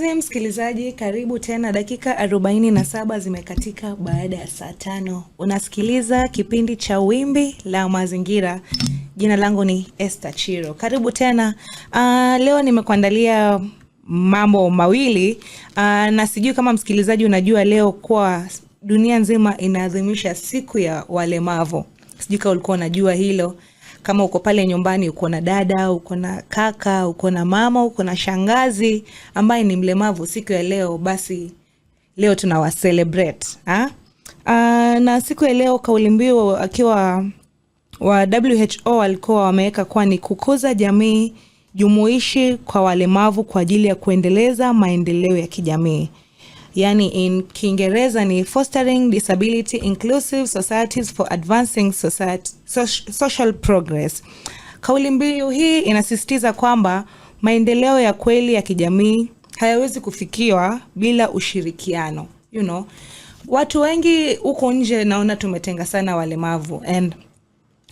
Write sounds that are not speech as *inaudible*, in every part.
Mpenzi msikilizaji, karibu tena. Dakika 47 zimekatika baada ya saa tano. Unasikiliza kipindi cha Wimbi la Mazingira. Jina langu ni Esther Chiro, karibu tena. Uh, leo nimekuandalia mambo mawili uh, na sijui kama msikilizaji unajua leo kwa dunia nzima inaadhimisha siku ya walemavu. Sijui kama ulikuwa unajua hilo kama uko pale nyumbani, uko na dada, uko na kaka, uko na mama, uko na shangazi ambaye ni mlemavu siku ya leo, basi leo tunawa celebrate ha? Uh, na siku ya leo kauli mbiu akiwa wa WHO walikuwa wameweka kuwa ni kukuza jamii jumuishi kwa walemavu kwa ajili ya kuendeleza maendeleo ya kijamii yani in Kiingereza ni Fostering Disability Inclusive Societies for Advancing Society, Social Progress. Kauli mbiu hii inasisitiza kwamba maendeleo ya kweli ya kijamii hayawezi kufikiwa bila ushirikiano. You know, watu wengi huko nje naona tumetenga sana walemavu and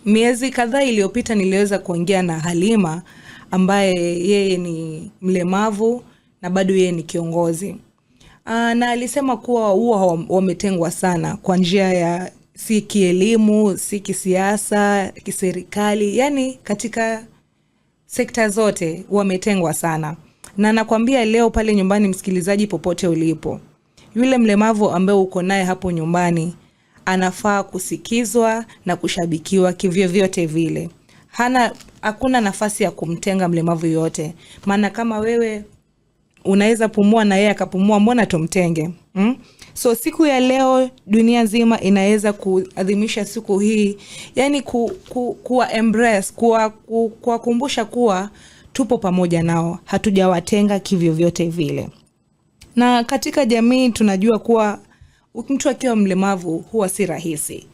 miezi kadhaa iliyopita niliweza kuongea na Halima ambaye yeye ni mlemavu na bado yeye ni kiongozi uh, na alisema kuwa huwa wametengwa sana kwa njia ya si kielimu, si kisiasa, kiserikali, yani katika sekta zote wametengwa sana, na nakwambia leo pale nyumbani, msikilizaji, popote ulipo, yule mlemavu ambaye uko naye hapo nyumbani anafaa kusikizwa na kushabikiwa kivyovyote vile. Hana, hakuna nafasi ya kumtenga mlemavu yoyote, maana kama wewe unaweza pumua na yeye akapumua, mbona tumtenge mm? So siku ya leo dunia nzima inaweza kuadhimisha siku hii, yani ku, ku, kuwa embrace, kuwa ku, kuwakumbusha kuwa tupo pamoja nao, hatujawatenga kivyovyote vile. Na katika jamii tunajua kuwa mtu akiwa mlemavu huwa si rahisi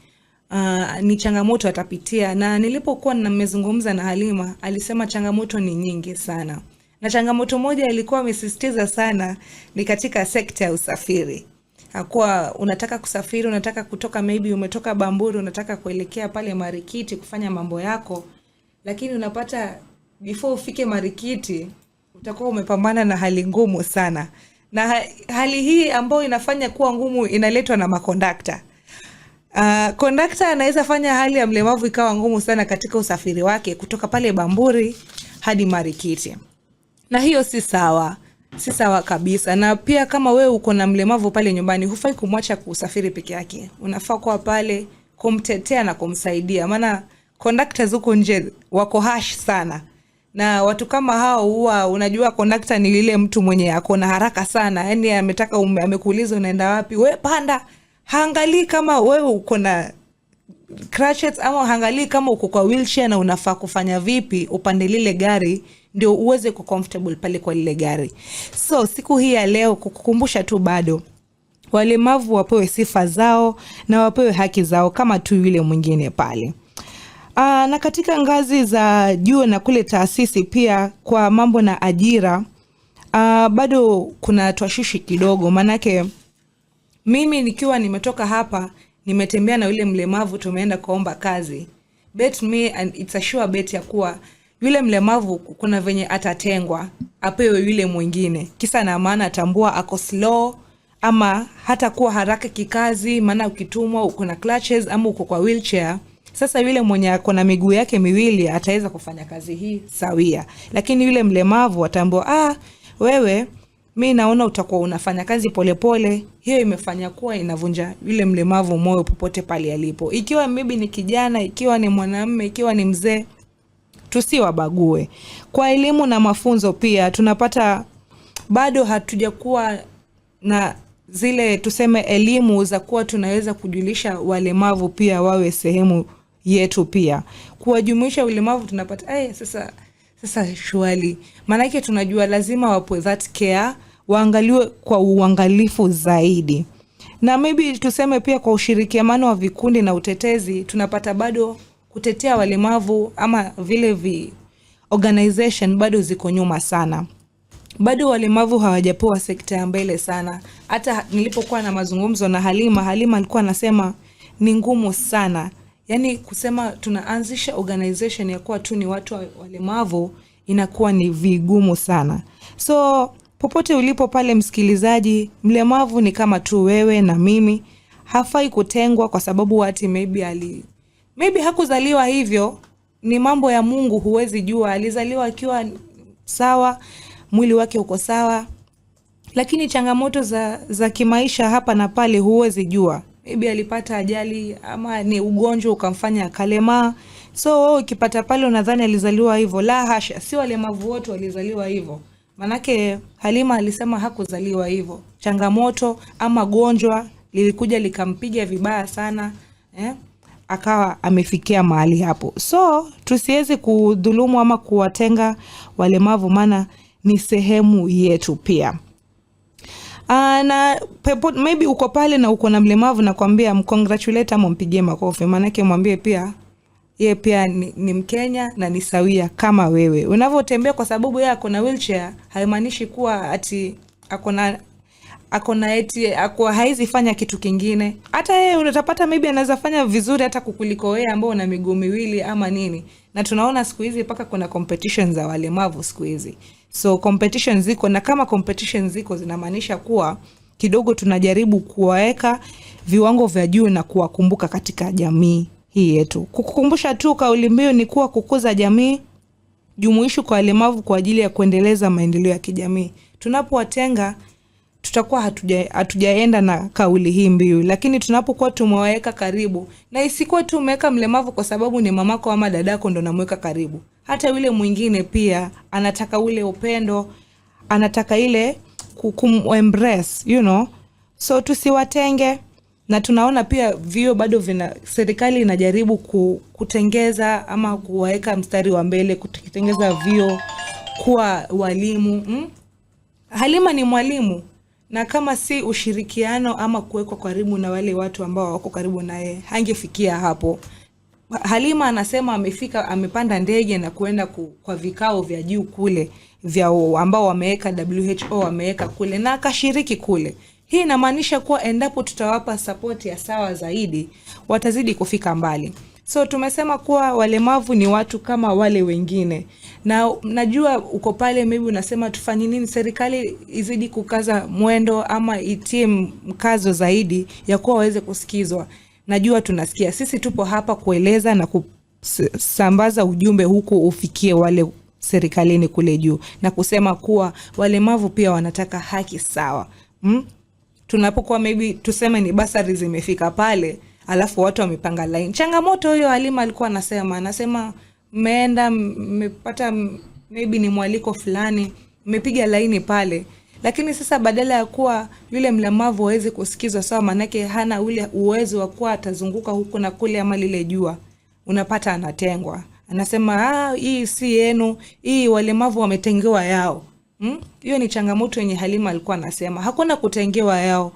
Uh, ni changamoto atapitia, na nilipokuwa nimezungumza na Halima, alisema changamoto ni nyingi sana na changamoto moja ilikuwa amesisitiza sana ni katika sekta ya usafiri. Hakuwa unataka kusafiri, unataka kutoka, maybe umetoka Bamburi, unataka kuelekea pale Marikiti kufanya mambo yako, lakini unapata before ufike Marikiti utakuwa umepambana na hali ngumu sana, na hali hii ambayo inafanya kuwa ngumu inaletwa na makondakta. Uh, kondakta anaweza fanya hali ya mlemavu ikawa ngumu sana katika usafiri wake kutoka pale Bamburi hadi Marikiti na hiyo si sawa, si sawa kabisa. Na pia kama wewe uko na mlemavu pale nyumbani, hufai kumwacha kusafiri peke yake, unafaa kuwa pale kumtetea na kumsaidia, maana conductors huko nje wako hash sana na watu kama hao huwa unajua, kondakta ni lile mtu mwenye ako na haraka sana, yani ametaka amekuuliza unaenda wapi, we panda, haangalii kama wewe uko na crutches ama haangalii kama uko kwa wheelchair na unafaa kufanya vipi upande lile gari ndio uweze ku comfortable pale kwa lile gari. So siku hii ya leo kukukumbusha tu bado walemavu wapewe sifa zao na wapewe haki zao kama tu yule mwingine pale. Aa, ah, na katika ngazi za juu na kule taasisi pia kwa mambo na ajira aa, ah, bado kuna twashishi kidogo, maanake mimi nikiwa nimetoka hapa nimetembea na yule mlemavu, tumeenda kuomba kazi, bet me and it's a sure bet ya kuwa yule mlemavu kuna venye atatengwa apewe yule mwingine, kisa na maana atambua ako slow ama hata kuwa haraka kikazi, maana ukitumwa uko na clutches ama uko kwa wheelchair. Sasa yule mwenye ako na miguu yake miwili ataweza kufanya kazi hii sawia, lakini yule mlemavu atambua, ah, wewe mi naona utakuwa unafanya kazi polepole pole. Hiyo imefanya kuwa inavunja yule mlemavu moyo popote pale alipo, ikiwa mibi ni kijana, ikiwa ni mwanamme ikiwa ni mzee tusiwabague. Kwa elimu na mafunzo pia tunapata, bado hatujakuwa na zile tuseme elimu za kuwa tunaweza kujulisha walemavu pia wawe sehemu yetu, pia kuwajumuisha ulemavu tunapata hey, eh, sasa sasa shuali maanake tunajua lazima wapwe that care, waangaliwe kwa uangalifu zaidi, na maybe tuseme pia kwa ushirikiamano wa vikundi na utetezi tunapata bado kutetea walemavu ama vile vi organization bado ziko nyuma sana, bado walemavu hawajapewa sekta ya mbele sana. Hata nilipokuwa na mazungumzo na Halima, Halima alikuwa anasema ni ngumu sana, yaani kusema tunaanzisha organization ya kuwa tu ni watu walemavu inakuwa ni vigumu sana. So popote ulipo pale, msikilizaji, mlemavu ni kama tu wewe na mimi, hafai kutengwa kwa sababu ati maybe ali maybe hakuzaliwa hivyo, ni mambo ya Mungu, huwezi jua. Alizaliwa akiwa sawa, mwili wake uko sawa, lakini changamoto za, za kimaisha hapa na pale huwezi jua. Maybe alipata ajali ama ni ugonjwa ukamfanya akalemaa. So wewe ukipata pale unadhani alizaliwa hivyo, la hasha, si walemavu wote walizaliwa hivyo. Manake Halima alisema hakuzaliwa hivyo, changamoto ama gonjwa lilikuja likampiga vibaya sana eh? akawa amefikia mahali hapo. So tusiweze kudhulumu ama kuwatenga walemavu, maana ni sehemu yetu pia. Uh, na pepo, maybe uko pale na uko na mlemavu, nakwambia mcongratulate ama mpigie makofi, maanake mwambie pia ye pia ni, ni Mkenya na ni sawia kama wewe unavyotembea. Kwa sababu yeye akona na wheelchair haimaanishi kuwa ati ako ako na eti ako haizi fanya kitu kingine. Hata yeye unatapata maybe anaweza fanya vizuri hata kukuliko wewe ambao una miguu miwili ama nini, na tunaona siku hizi mpaka kuna competition za walemavu siku hizi, so competition ziko, na kama competition ziko zinamaanisha kuwa kidogo tunajaribu kuwaweka viwango vya juu na kuwakumbuka katika jamii hii yetu. Kukukumbusha tu kauli mbiu ni kuwa kukuza jamii jumuishi kwa walemavu kwa ajili ya kuendeleza maendeleo ya kijamii. Tunapowatenga tutakuwa hatuja, hatujaenda na kauli hii mbiu, lakini tunapokuwa tumewaweka karibu, na isikuwe tu umeweka mlemavu kwa sababu ni mamako ama dadako ndo namweka karibu, hata yule mwingine pia anataka ule upendo, anataka ile kumembrace you know, so tusiwatenge. Na tunaona pia vio bado vina, serikali inajaribu kutengeza ama kuwaweka mstari wa mbele, kutengeza vio kuwa walimu mm? Halima ni mwalimu na kama si ushirikiano ama kuwekwa karibu na wale watu ambao wako karibu naye hangefikia hapo. Halima anasema amefika, amepanda ndege na kuenda ku, kwa vikao vya juu kule vya ambao wameweka WHO wameweka kule na akashiriki kule. Hii inamaanisha kuwa endapo tutawapa sapoti ya sawa zaidi watazidi kufika mbali. So tumesema kuwa walemavu ni watu kama wale wengine, na najua uko pale, maybe unasema tufanye nini, serikali izidi kukaza mwendo ama itie mkazo zaidi ya kuwa waweze kusikizwa. Najua tunasikia sisi, tupo hapa kueleza na kusambaza ujumbe huku ufikie wale serikalini kule juu, na kusema kuwa walemavu pia wanataka haki sawa. Hmm? Tunapokuwa maybe tuseme ni basari zimefika pale alafu watu wamepanga line. Changamoto hiyo Halima alikuwa anasema, anasema mmeenda mmepata maybe ni mwaliko fulani, mmepiga laini pale, lakini sasa badala ya kuwa yule mlemavu aweze kusikizwa sawa, maanake hana ule uwezo wa kuwa atazunguka huku na kule ama lile jua, unapata anatengwa, anasema ah, hii si yenu, hii walemavu wametengewa yao. Hmm? Hiyo hmm? ni changamoto yenye Halima alikuwa anasema, hakuna kutengewa yao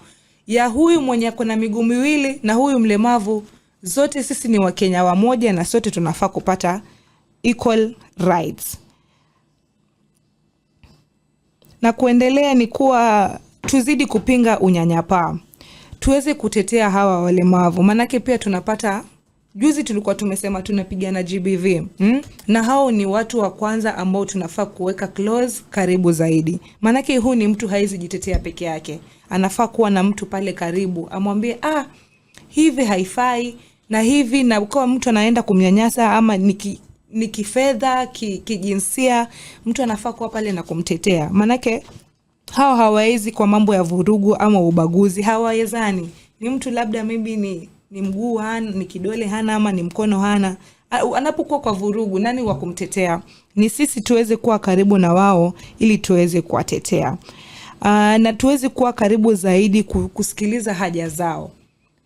ya huyu mwenye ako na miguu miwili na huyu mlemavu. Zote sisi ni Wakenya wamoja na sote tunafaa kupata equal rights. Na kuendelea ni kuwa tuzidi kupinga unyanyapaa, tuweze kutetea hawa walemavu, maanake pia tunapata Juzi tulikuwa tumesema tunapigana GBV mm? na hao ni watu wa kwanza ambao tunafaa kuweka close karibu zaidi, maanake huu ni mtu hawezi jitetea peke yake, anafaa kuwa na mtu pale karibu amwambie, ah, hivi haifai na hivi, na kwa mtu anaenda kumnyanyasa ama niki ni kifedha kijinsia ki, mtu anafaa kuwa pale na kumtetea, maanake hao hawawezi kwa mambo ya vurugu ama ubaguzi, hawawezani. Ni mtu labda mimi ni ni mguu hana, ni kidole hana, ama ni mkono hana, anapokuwa kwa vurugu, nani wa kumtetea? Ni sisi tuweze kuwa karibu na wao ili tuweze kuwatetea ah, na tuweze kuwa karibu zaidi kusikiliza haja zao,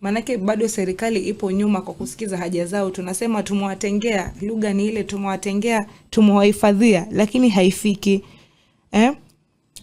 maanake bado serikali ipo nyuma kwa kusikiza haja zao. Tunasema tumewatengea, lugha ni ile tumewatengea, tumewahifadhia, lakini haifiki eh?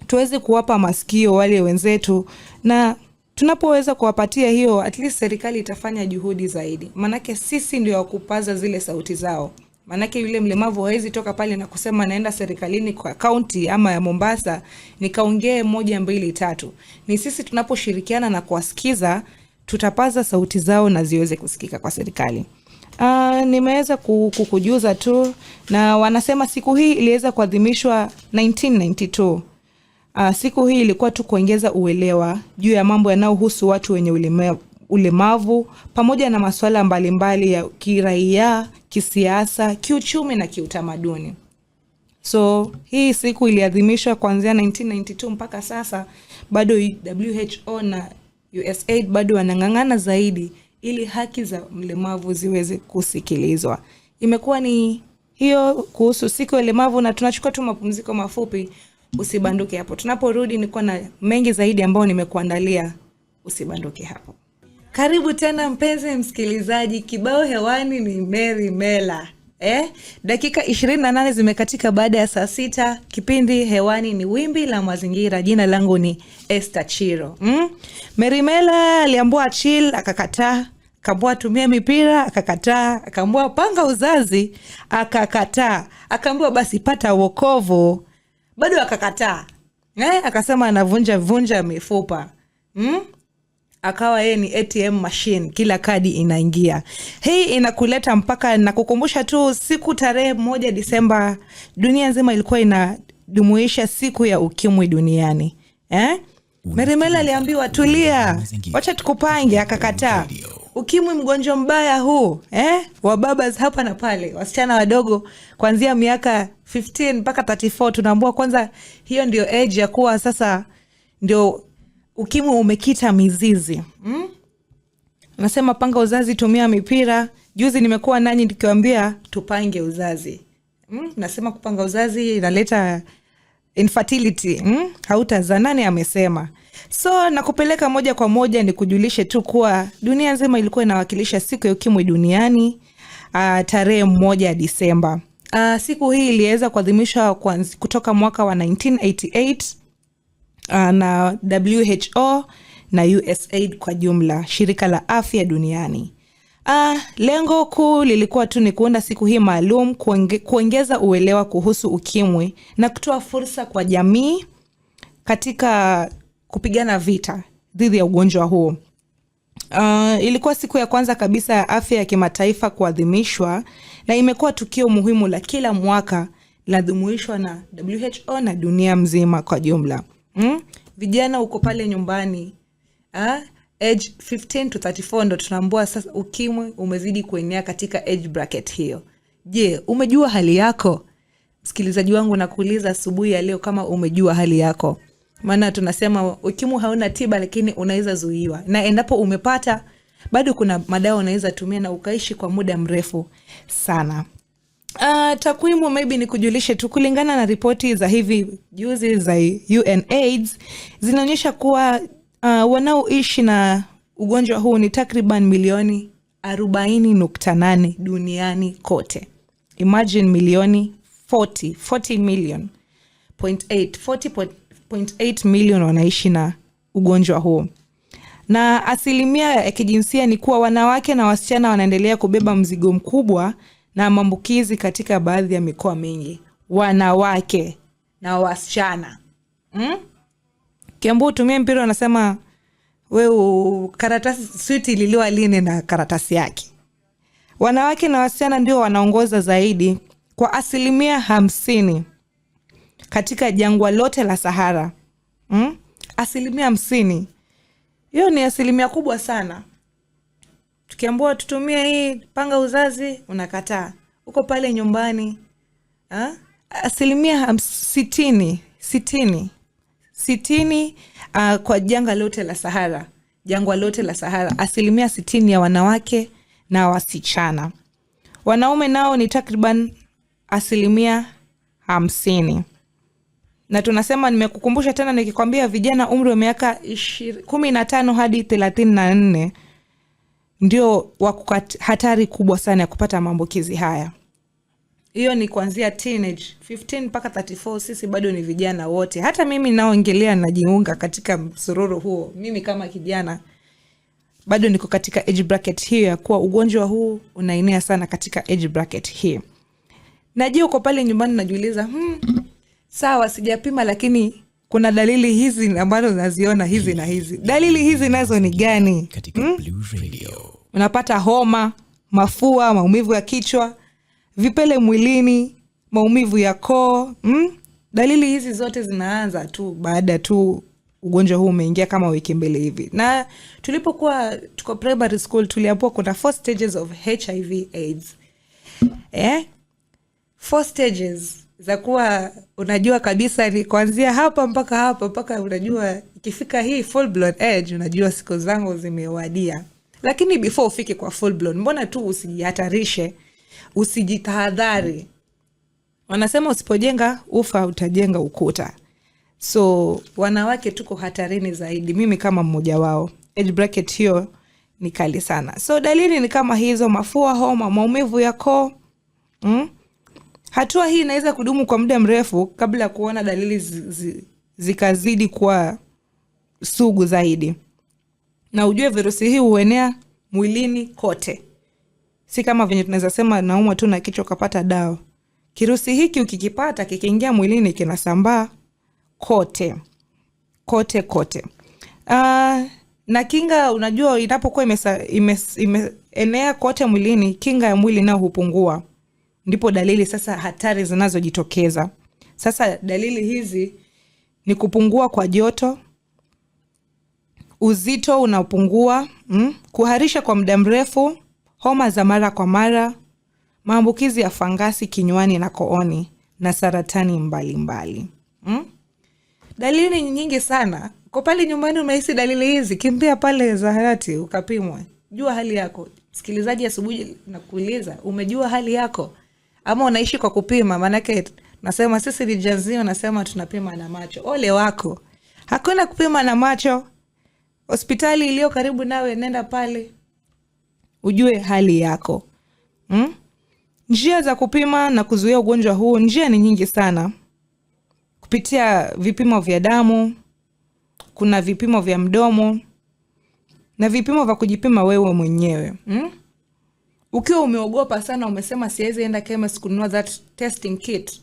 Tuweze kuwapa masikio wale wenzetu na tunapoweza kuwapatia hiyo, at least serikali itafanya juhudi zaidi, maanake sisi ndio wakupaza zile sauti zao. Maanake yule mlemavu hawezi toka pale na kusema naenda serikalini kwa kaunti ama ya Mombasa nikaongee moja mbili tatu. Ni sisi tunaposhirikiana na kuwasikiza, tutapaza sauti zao na ziweze kusikika kwa serikali. Uh, nimeweza kukujuza tu na wanasema siku hii iliweza kuadhimishwa 1992 Uh, siku hii ilikuwa tu kuongeza uelewa juu ya mambo yanayohusu watu wenye ulemavu ulemavu pamoja na masuala mbalimbali ya kiraia, kisiasa, kiuchumi na kiutamaduni. So hii siku iliadhimishwa kuanzia 1992 mpaka sasa, bado WHO na USAID bado wanang'ang'ana zaidi ili haki za mlemavu ziweze kusikilizwa. Imekuwa ni hiyo kuhusu siku ya ulemavu, na tunachukua tu mapumziko mafupi usibanduke hapo. Tunaporudi niko na mengi zaidi ambayo nimekuandalia, usibanduke hapo. Karibu tena mpenzi msikilizaji, kibao hewani ni Mary Mela. Eh, dakika 28 zimekatika baada ya saa sita. Kipindi hewani ni wimbi la mazingira. Jina langu ni Esther Chiro. Mm? Mary Mela aliambua chill, akakataa. Akaambua tumia mipira, akakataa. Akaambua panga uzazi, akakataa. Akaambiwa basi pata wokovu, bado akakataa eh, akasema anavunja vunja mifupa mm? Akawa yeye ni ATM machine, kila kadi inaingia. Hii inakuleta mpaka nakukumbusha tu siku tarehe moja Disemba, dunia nzima ilikuwa inajumuisha siku ya ukimwi duniani eh? merimel aliambiwa tulia, wacha tukupange, akakataa ukimwi mgonjwa mbaya huu eh? wa baba hapa na pale, wasichana wadogo kuanzia miaka 15 mpaka 34. Tunaambua kwanza, hiyo ndio age ya kuwa sasa ndio ukimwi umekita mizizi mm? Nasema panga uzazi, tumia mipira. Juzi nimekuwa nanyi nikiwambia tupange uzazi mm? Nasema kupanga uzazi inaleta infertility mm? Hautazaa. Nani amesema? So na kupeleka moja kwa moja, ni kujulishe tu kuwa dunia nzima ilikuwa inawakilisha siku ya ukimwi duniani uh, tarehe moja ya Disemba. Uh, siku hii iliweza kuadhimishwa kutoka mwaka wa 1988 uh, ah, na WHO na USAID kwa jumla, shirika la afya duniani. Uh, lengo kuu lilikuwa tu ni kuunda siku hii maalum kuonge, kuongeza uelewa kuhusu ukimwi na kutoa fursa kwa jamii katika kupigana vita dhidi ya ugonjwa huo. Uh, ilikuwa siku ya kwanza kabisa ya afya ya kimataifa kuadhimishwa na imekuwa tukio muhimu la kila mwaka linadhumuishwa na WHO na dunia mzima kwa jumla. Mm? Vijana uko pale nyumbani ha? Ah, age 15 to 34 ndo tunaambua sasa ukimwi umezidi kuenea katika age bracket hiyo. Je, umejua hali yako? Msikilizaji wangu nakuuliza asubuhi ya leo kama umejua hali yako maana tunasema ukimwi hauna tiba, lakini unaweza zuiwa, na endapo umepata bado kuna madawa unaweza tumia na ukaishi kwa muda mrefu sana. Uh, takwimu maybe ni kujulishe tu, kulingana na ripoti za hivi juzi za UNAIDS zinaonyesha kuwa uh, wanaoishi na ugonjwa huu ni takriban milioni 4.8 duniani kote. Imagine milioni 40, 40 million 40 1.8 million wanaishi na ugonjwa huo na asilimia ya kijinsia ni kuwa wanawake na wasichana wanaendelea kubeba mzigo mkubwa na maambukizi katika baadhi ya mikoa mingi. Wanawake na wasichana mm? Kiambu utumie mpira, anasema we karatasi switi liliwa lini na karatasi yake. Wanawake na wasichana ndio wanaongoza zaidi kwa asilimia hamsini katika jangwa lote la Sahara mm? asilimia hamsini. Hiyo ni asilimia kubwa sana. tukiambua tutumie hii panga uzazi, unakataa uko pale nyumbani ha? asilimia sitini sitini sitini uh, kwa janga lote la Sahara, jangwa lote la Sahara, asilimia sitini ya wanawake na wasichana. Wanaume nao ni takriban asilimia hamsini na tunasema nimekukumbusha tena nikikwambia vijana umri wa miaka kumi na tano hadi thelathini na nne ndio wako hatari kubwa sana ya kupata maambukizi haya. Hiyo ni kuanzia teenage 15 mpaka 34. Sisi bado ni vijana wote, hata mimi naoingilia najiunga katika msururu huo. Mimi kama kijana bado niko katika age bracket hiyo ya kuwa ugonjwa huu unaenea sana katika age bracket hii. Najua uko pale nyumbani unajiuliza hmm, sawa, sijapima lakini kuna dalili hizi ambazo naziona hizi na hizi. Dalili hizi nazo ni gani? hmm? Unapata homa, mafua, maumivu ya kichwa, vipele mwilini, maumivu ya koo hmm? Dalili hizi zote zinaanza tu baada tu ugonjwa huu umeingia kama wiki mbili hivi, na tulipokuwa tuko primary school tuliambua kuna four stages of HIV AIDS eh? Four stages za kuwa unajua kabisa ni kuanzia hapa mpaka hapa mpaka unajua ikifika hii full blown age, unajua siku zangu zimewadia. Lakini before ufike kwa full blown, mbona tu usijihatarishe, usijitahadhari. Wanasema usipojenga ufa utajenga ukuta, so wanawake tuko hatarini zaidi, mimi kama mmoja wao. Age bracket hiyo ni kali sana, so dalili ni kama hizo: mafua, homa, maumivu ya koo mm? Hatua hii inaweza kudumu kwa muda mrefu kabla ya kuona dalili zikazidi kuwa sugu zaidi, na ujue virusi hii huenea mwilini kote, si kama venye tunaweza sema naumwa tu na kichwa ukapata dawa. Kirusi hiki ukikipata, kikiingia mwilini kinasambaa kote kote kote. Uh, na kinga, unajua inapokuwa imeenea ime, ime, kote mwilini, kinga ya mwili nayo hupungua ndipo dalili sasa hatari zinazojitokeza. Sasa dalili hizi ni kupungua kwa joto, uzito unapungua mm, kuharisha kwa muda mrefu, homa za mara kwa mara, maambukizi ya fangasi kinywani na kooni na saratani mbalimbali mbali. Mm? Dalili nyingi sana. Kwa pale nyumbani umehisi dalili hizi, kimbia pale zaharati ukapimwe. Jua hali yako. Msikilizaji, asubuhi nakuuliza, umejua hali yako? ama unaishi kwa kupima. Maanake nasema sisi ni jazii, nasema tunapima na macho. Ole wako, hakuna kupima na macho. Hospitali iliyo karibu nawe, nenda pale ujue hali yako hmm? Njia za kupima na kuzuia ugonjwa huu, njia ni nyingi sana, kupitia vipimo vya damu, kuna vipimo vya mdomo na vipimo vya kujipima wewe mwenyewe hmm? ukiwa umeogopa sana, umesema siwezi enda chemist kununua that testing kit,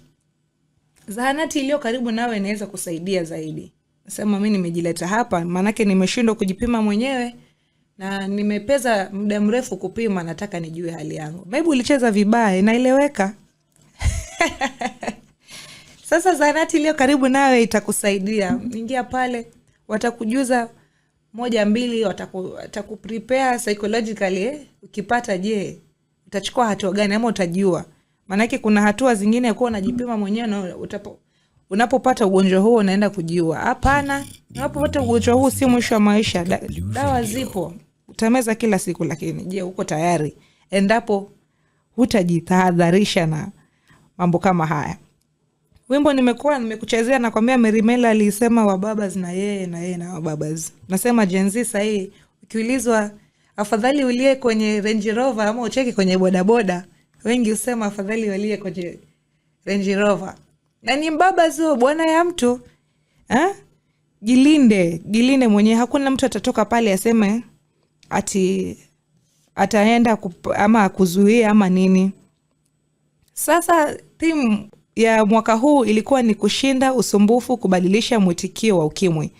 zahanati iliyo karibu nawe inaweza kusaidia zaidi. sema mi nimejileta hapa, maanake nimeshindwa kujipima mwenyewe na nimepeza muda mrefu kupima, nataka nijue hali yangu. Maybe ulicheza vibaya, inaeleweka. *laughs* Sasa zahanati iliyo karibu nawe itakusaidia. Ingia pale, watakujuza moja mbili, watakuprepare psychologically eh? Ukipata je, utachukua hatua gani ama utajua? Maanake kuna hatua zingine kuwa unajipima mwenyewe na utapo unapopata ugonjwa huo unaenda kujiua? Hapana, unapopata ugonjwa huu si mwisho wa maisha. Da, dawa zipo, utameza kila siku, lakini je, uko tayari endapo hutajitahadharisha na mambo kama haya? Wimbo nimekuwa nimekuchezea nakwambia, merimela alisema wababas na yeye na yeye na wababas. Nasema Gen sahii ukiulizwa afadhali ulie kwenye Range ama ucheke kwenye bodaboda, wengi husema afadhali walie kwenye Range Na ni mbaba zuo bwana ya mtu ha? Jilinde, jilinde mwenyewe. Hakuna mtu atatoka pale aseme ati ataenda kup, ama akuzuia ama nini. Sasa timu ya mwaka huu ilikuwa ni kushinda usumbufu, kubadilisha mwitikio wa ukimwi,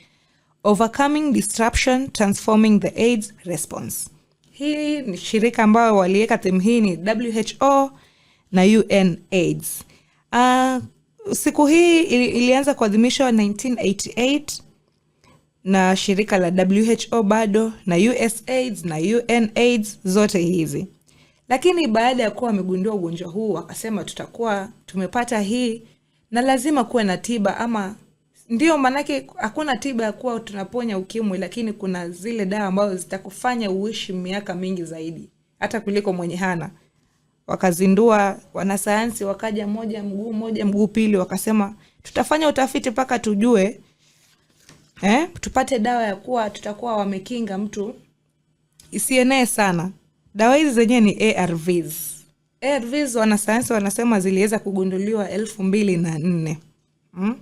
Overcoming Disruption, Transforming the AIDS Response. Hii ni shirika ambayo waliweka timu hii ni WHO na UN AIDS. Uh, siku hii ilianza kuadhimishwa 1988 na shirika la WHO bado na USAIDS na UN AIDS zote hizi lakini baada ya kuwa wamegundua ugonjwa huu, wakasema tutakuwa tumepata hii na lazima kuwe na tiba, ama ndio maanake hakuna tiba ya kuwa tunaponya ukimwi, lakini kuna zile dawa ambazo zitakufanya uishi miaka mingi zaidi hata kuliko mwenye hana. Wakazindua wanasayansi, wakaja moja mguu moja mguu pili, wakasema tutafanya utafiti mpaka tujue eh, tupate dawa ya kuwa tutakuwa wamekinga mtu isienee sana. Dawa hizi zenyewe ni ARVs. ARVs wanasayansi wanasema ziliweza kugunduliwa elfu mbili na nne. Hmm?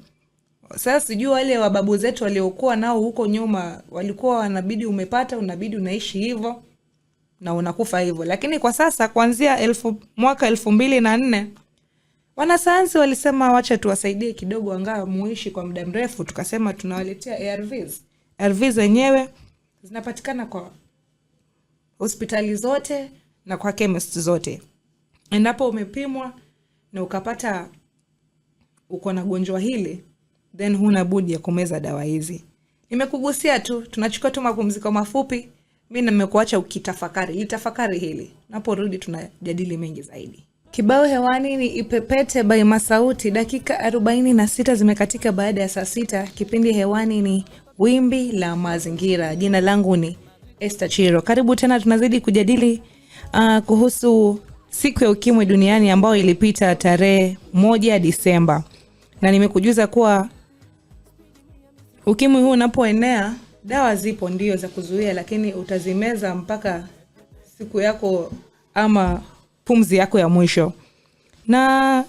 Sasa sijui wale wababu zetu waliokuwa nao huko nyuma walikuwa wanabidi umepata unabidi unaishi hivyo na unakufa hivyo, lakini kwa sasa kuanzia elfu, mwaka elfu mbili na nne wanasayansi walisema wacha tuwasaidie kidogo, angaa muishi kwa muda mrefu. Tukasema tunawaletea ARVs. ARVs zenyewe zinapatikana kwa hospitali zote na kwa chemist zote. Endapo umepimwa na ukapata uko na gonjwa hili, then huna budi ya kumeza dawa hizi. Nimekugusia tu, tunachukua tu mapumziko mafupi. Mi nimekuacha ukitafakari, litafakari hili. Naporudi tunajadili mengi zaidi. Kibao hewani ni Ipepete by Masauti. Dakika arobaini na sita zimekatika baada ya saa sita. Kipindi hewani ni Wimbi la Mazingira. Jina langu ni Esther Chiro, karibu tena. Tunazidi kujadili uh, kuhusu siku ya ukimwi duniani ambayo ilipita tarehe moja Disemba, na nimekujuza kuwa ukimwi huu unapoenea dawa zipo ndio za kuzuia, lakini utazimeza mpaka siku yako ama pumzi yako ya mwisho, na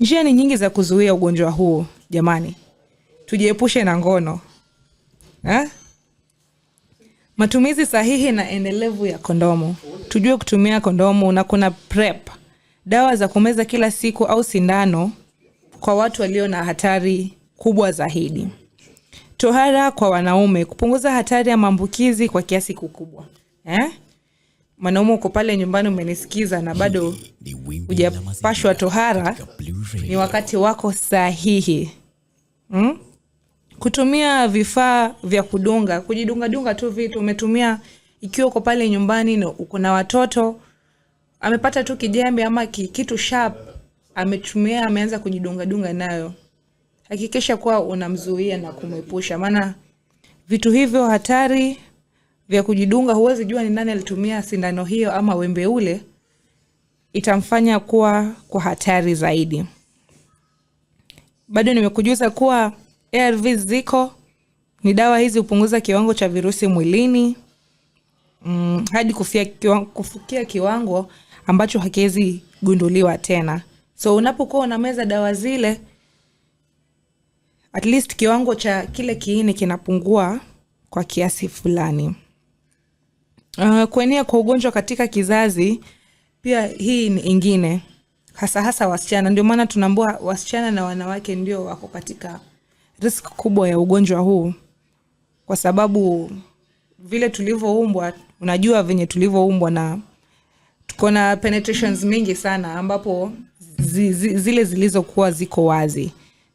njia ni nyingi za kuzuia ugonjwa huu. Jamani, tujiepushe na ngono eh? Matumizi sahihi na endelevu ya kondomu. Tujue kutumia kondomu na kuna prep, dawa za kumeza kila siku au sindano kwa watu walio na hatari kubwa zaidi. Tohara kwa wanaume, kupunguza hatari ya maambukizi kwa kiasi kikubwa eh? Mwanaume uko pale nyumbani, umenisikiza na bado hujapashwa tohara, ni wakati wako sahihi hmm? kutumia vifaa vya kudunga, kujidungadunga tu vitu umetumia, ikiwa uko pale nyumbani na uko na watoto, amepata tu kijembe ama kitu sharp, ametumia ameanza kujidungadunga nayo. Hakikisha kuwa unamzuia na kumwepusha, maana vitu hivyo hatari vya kujidunga, huwezi jua ni nani alitumia sindano hiyo ama wembe ule, itamfanya kuwa kwa hatari zaidi. Bado nimekujuza kuwa ARV ziko ni dawa hizi hupunguza kiwango cha virusi mwilini mm, hadi kufia kiwango, kufukia kiwango ambacho hakiwezi gunduliwa tena. So unapokuwa unameza dawa zile, at least kiwango cha kile kiini kinapungua kwa kiasi fulani. Uh, kuenea kwa ugonjwa katika kizazi pia hii ni ingine, hasa hasa wasichana. Ndio maana tunaambua wasichana na wanawake ndio wako katika risk kubwa ya ugonjwa huu, kwa sababu vile tulivyoumbwa, unajua venye tulivyoumbwa na tuko na penetrations mingi sana, ambapo zi, zi, zile zilizokuwa ziko wazi,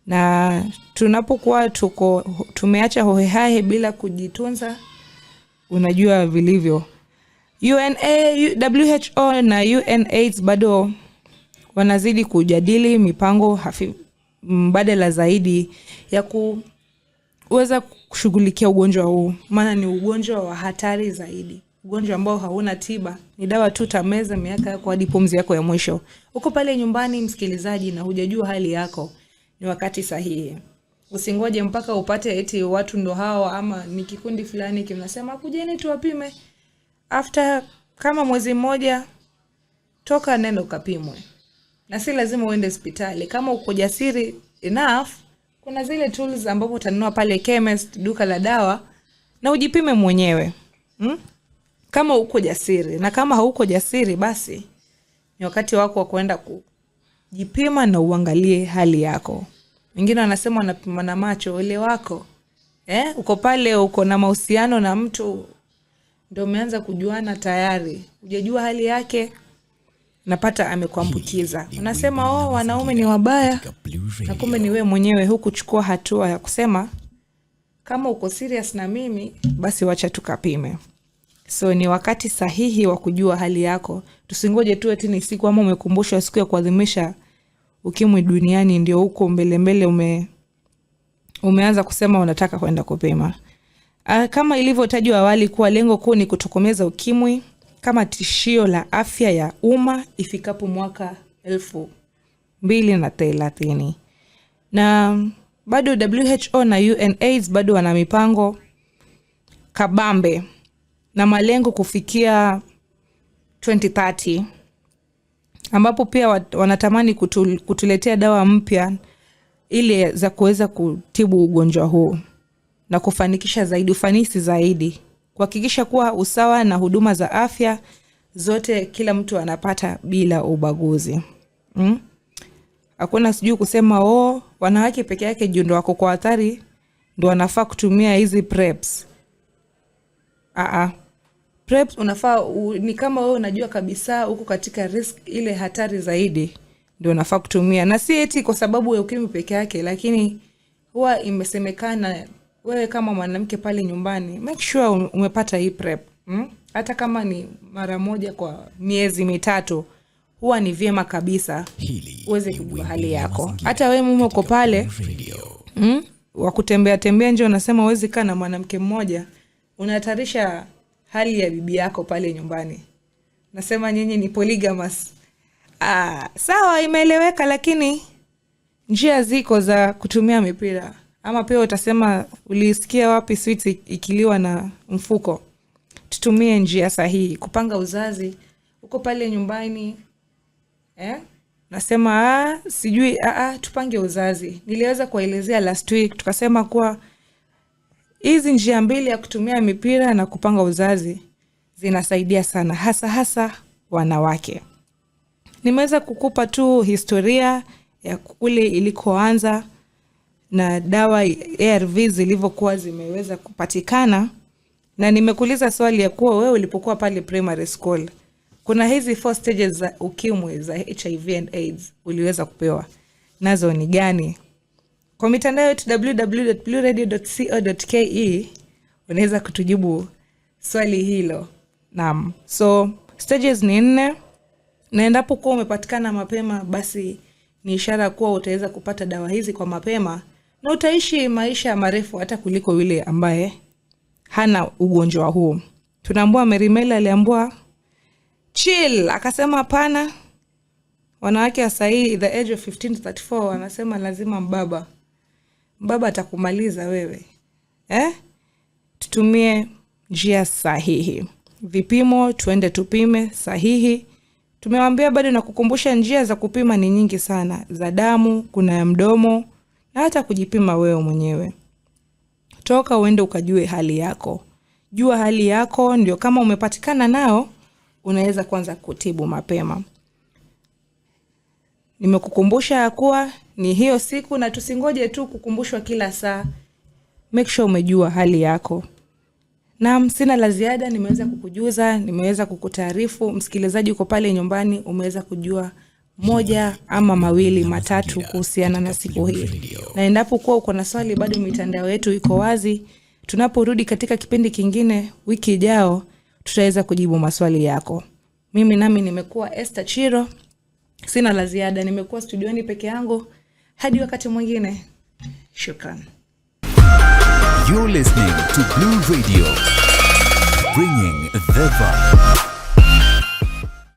na tunapokuwa tuko tumeacha hohehahe bila kujitunza, unajua vilivyo UNA, WHO na UNAIDS bado wanazidi kujadili mipango hafifu mbadala zaidi ya kuweza kushughulikia ugonjwa huu, maana ni ugonjwa wa hatari zaidi, ugonjwa ambao hauna tiba, ni dawa tu tameza miaka yako hadi pumzi yako ya mwisho. Uko pale nyumbani, msikilizaji, na hujajua hali yako, ni wakati sahihi. Usingoje mpaka upate eti watu ndo hao ama ni kikundi fulani kinasema kujeni tuwapime. After kama mwezi mmoja toka, nenda ukapimwe na si lazima uende hospitali. Kama uko jasiri enough, kuna zile tools ambapo utanunua pale chemist, duka la dawa, na ujipime mwenyewe hmm? Kama uko jasiri, na kama hauko jasiri, basi ni wakati wako wa kwenda kujipima na uangalie hali yako. Wengine wanasema wanapima na macho, ole wako eh? Uko pale uko na mahusiano na mtu ndio umeanza kujuana tayari, hujajua hali yake napata amekuambukiza. Unasema o oh, wanaume ni wabaya, na kumbe ni wee mwenyewe hukuchukua hatua ya kusema kama uko serious na mimi, basi wacha tukapime. So ni wakati sahihi wa kujua hali yako. Tusingoje tu eti ni siku ama umekumbushwa siku ya kuadhimisha ukimwi duniani ndio huko mbele mbele ume, umeanza kusema unataka kwenda kupima. Ah, kama ilivyotajwa awali kuwa lengo kuu ni kutokomeza ukimwi kama tishio la afya ya umma ifikapo mwaka elfu mbili na thelathini. Na bado WHO na UNAIDS bado wana mipango kabambe na malengo kufikia 2030 ambapo pia wanatamani kutul, kutuletea dawa mpya ili za kuweza kutibu ugonjwa huu na kufanikisha zaidi ufanisi zaidi kuhakikisha kuwa usawa na huduma za afya zote kila mtu anapata bila ubaguzi mm? Hakuna sijui kusema o, oh, wanawake peke yake juu ndo wako kwa hatari ndo wanafaa kutumia hizi preps. Aa, preps unafaa u, ni kama wewe unajua kabisa uko katika risk ile hatari zaidi ndio unafaa kutumia, na si eti kwa sababu ya ukimwi peke yake, lakini huwa imesemekana wewe kama mwanamke pale nyumbani make sure um, umepata hii prep hmm? hata kama ni mara moja kwa miezi mitatu huwa ni vyema kabisa uweze kujua hali yako. Hata wewe mume uko pale hmm? wa kutembea tembea, nje unasema uwezi kaa na mwanamke mmoja, unahatarisha hali ya bibi yako pale nyumbani. Nasema nyinyi ni polygamous. Ah, sawa, imeeleweka, lakini njia ziko za kutumia mipira ama pia utasema ulisikia wapi switi ikiliwa na mfuko. Tutumie njia sahihi kupanga uzazi. Uko pale nyumbani eh? Nasema ah, sijui ah, ah, tupange uzazi. Niliweza kuwaelezea last week, tukasema kuwa hizi njia mbili ya kutumia mipira na kupanga uzazi zinasaidia sana, hasa hasa wanawake. Nimeweza kukupa tu historia ya kule ilikoanza na dawa ARV zilivyokuwa zimeweza kupatikana, na nimekuuliza swali ya kuwa wewe ulipokuwa pale primary school kuna hizi four stages za ukimwi za HIV and AIDS uliweza kupewa nazo ni gani? Kwa mitandao yetu www.blueradio.co.ke unaweza kutujibu swali hilo. Naam, so stages ni nne, na endapo kuwa umepatikana mapema, basi ni ishara kuwa utaweza kupata dawa hizi kwa mapema na utaishi maisha marefu hata kuliko yule ambaye hana ugonjwa huo Tunaambua Merimela aliambua chill, akasema hapana, wanawake wasahii the age of 1534 wanasema lazima mbaba mbaba atakumaliza wewe eh? Tutumie njia sahihi, vipimo tuende tupime sahihi. Tumewambia bado na kukumbusha, njia za kupima ni nyingi sana, za damu, kuna ya mdomo na hata kujipima wewe mwenyewe. Toka uende ukajue hali yako, jua hali yako, ndio kama umepatikana nayo unaweza kuanza kutibu mapema. Nimekukumbusha ya kuwa ni hiyo siku, na tusingoje tu kukumbushwa kila saa. Make sure umejua hali yako. Naam, sina la ziada, nimeweza kukujuza, nimeweza kukutaarifu. Msikilizaji uko pale nyumbani, umeweza kujua moja ama mawili matatu kuhusiana na siku hii, na endapo kuwa uko na swali, bado mitandao yetu iko wazi. Tunaporudi katika kipindi kingine wiki ijao, tutaweza kujibu maswali yako. Mimi nami nimekuwa Esther Chiro, sina la ziada, nimekuwa studioni peke yangu. Hadi wakati mwingine, shukran. You're listening to Blue Radio, bringing the vibe.